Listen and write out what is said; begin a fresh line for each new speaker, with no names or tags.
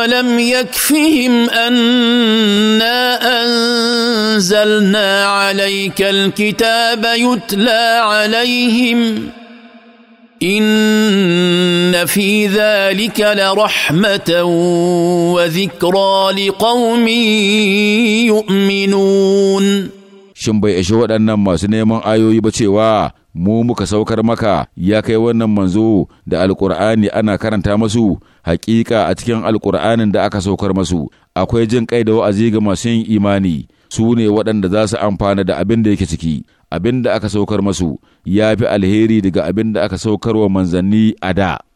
أولم يكفهم أنا أنزلنا عليك الكتاب يتلى عليهم إن في ذلك لرحمة وذكرى لقوم يؤمنون.
Shin bai ishe waɗannan masu neman ayoyi mu muka saukar maka ya kai wannan manzo da alkur'ani ana karanta masu hakika a cikin alkur'anin da aka saukar masu akwai jin kai da wa'azi ga masu yin imani su ne waɗanda za su amfana da abin da yake ciki abin da aka saukar masu ya fi alheri daga abin da aka saukar wa manzanni a da